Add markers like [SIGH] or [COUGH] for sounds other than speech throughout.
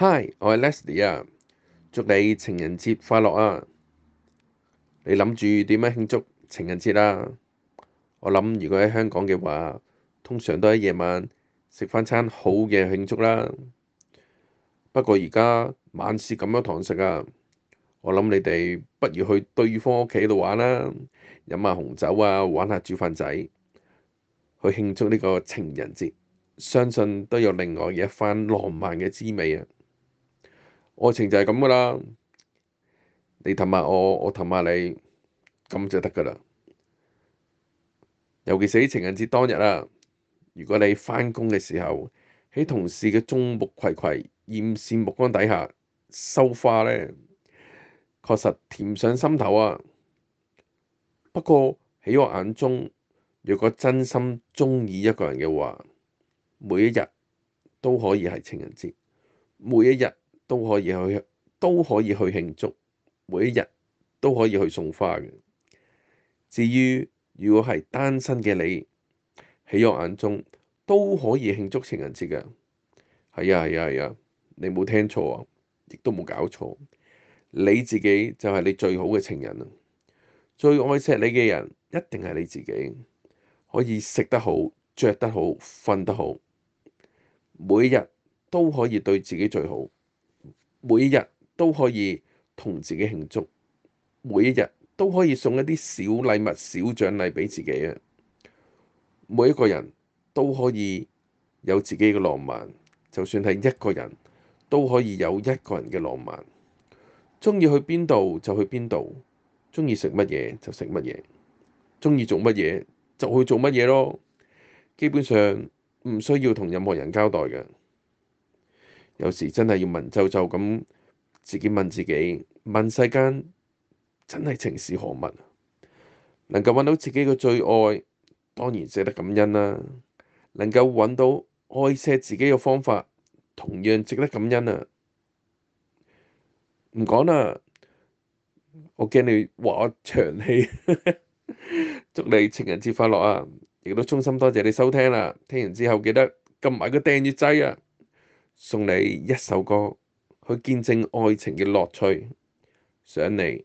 Hi，我係 Leslie 啊！祝你情人節快樂啊！你諗住點樣慶祝情人節啊？我諗如果喺香港嘅話，通常都係夜晚食返餐好嘅慶祝啦。不過而家晚市咁樣堂食啊，我諗你哋不如去對方屋企度玩啦，啊，飲下紅酒啊，玩下煮飯仔，去慶祝呢個情人節，相信都有另外一番浪漫嘅滋味啊！愛情就係咁噶啦，你氹下我，我氹下你，咁就得噶啦。尤其係情人節當日啊，如果你返工嘅時候喺同事嘅眾目睽睽、艷羨目光底下收花呢，確實甜上心頭啊。不過喺我眼中，如果真心鍾意一個人嘅話，每一日都可以係情人節，每一日。都可以去，都可以去慶祝，每一日都可以去送花嘅。至於如果係單身嘅你，喺我眼中都可以慶祝情人節嘅。係啊係啊係啊，你冇聽錯啊，亦都冇搞錯。你自己就係你最好嘅情人啊。最愛錫你嘅人一定係你自己。可以食得好、着得好、瞓得好，每日都可以對自己最好。每一日都可以同自己慶祝，每一日都可以送一啲小禮物、小獎勵畀自己啊！每一個人都可以有自己嘅浪漫，就算係一個人都可以有一個人嘅浪漫。鍾意去邊度就去邊度，鍾意食乜嘢就食乜嘢，鍾意做乜嘢就去做乜嘢咯。基本上唔需要同任何人交代嘅。有時真係要文縐縐咁，自己問自己，問世間真係情是何物？能夠搵到自己嘅最愛，當然值得感恩啦、啊。能夠搵到愛惜自己嘅方法，同樣值得感恩啊！唔講啦，我驚你話我長氣。 [LAUGHS] 祝你情人節快樂啊！亦都衷心多謝你收聽啦、啊。聽完之後記得撳埋個訂閱掣啊！送你一首歌，去見證愛情嘅樂趣，想你。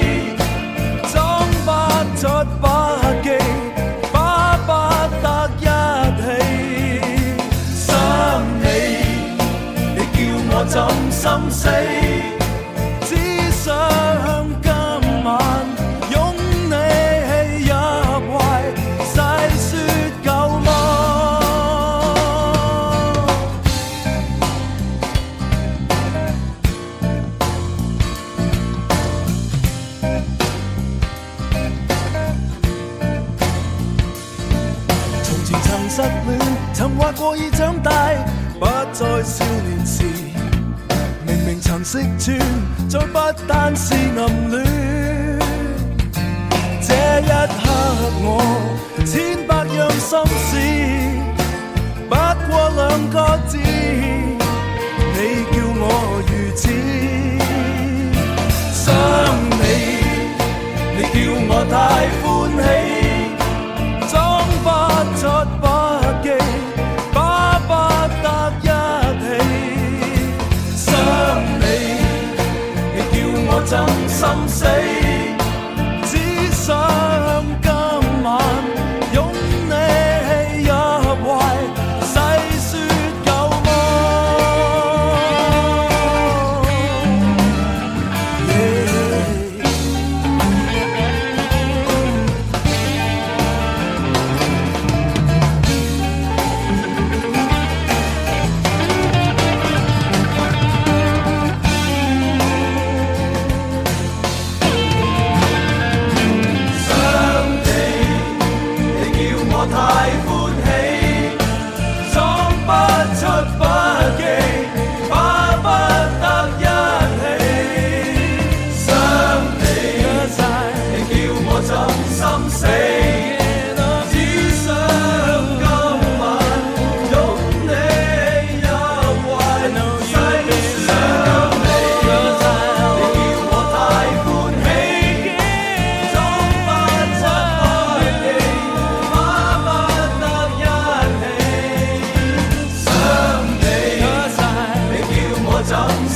怎心死？只想今晚擁你入懷，細說舊夢。從前曾失戀，曾話過已長大，不再少年時。橙色穿，再不單是暗戀。這一刻我千百樣心事，不過兩個字，你叫我如此想你，你叫我太歡喜。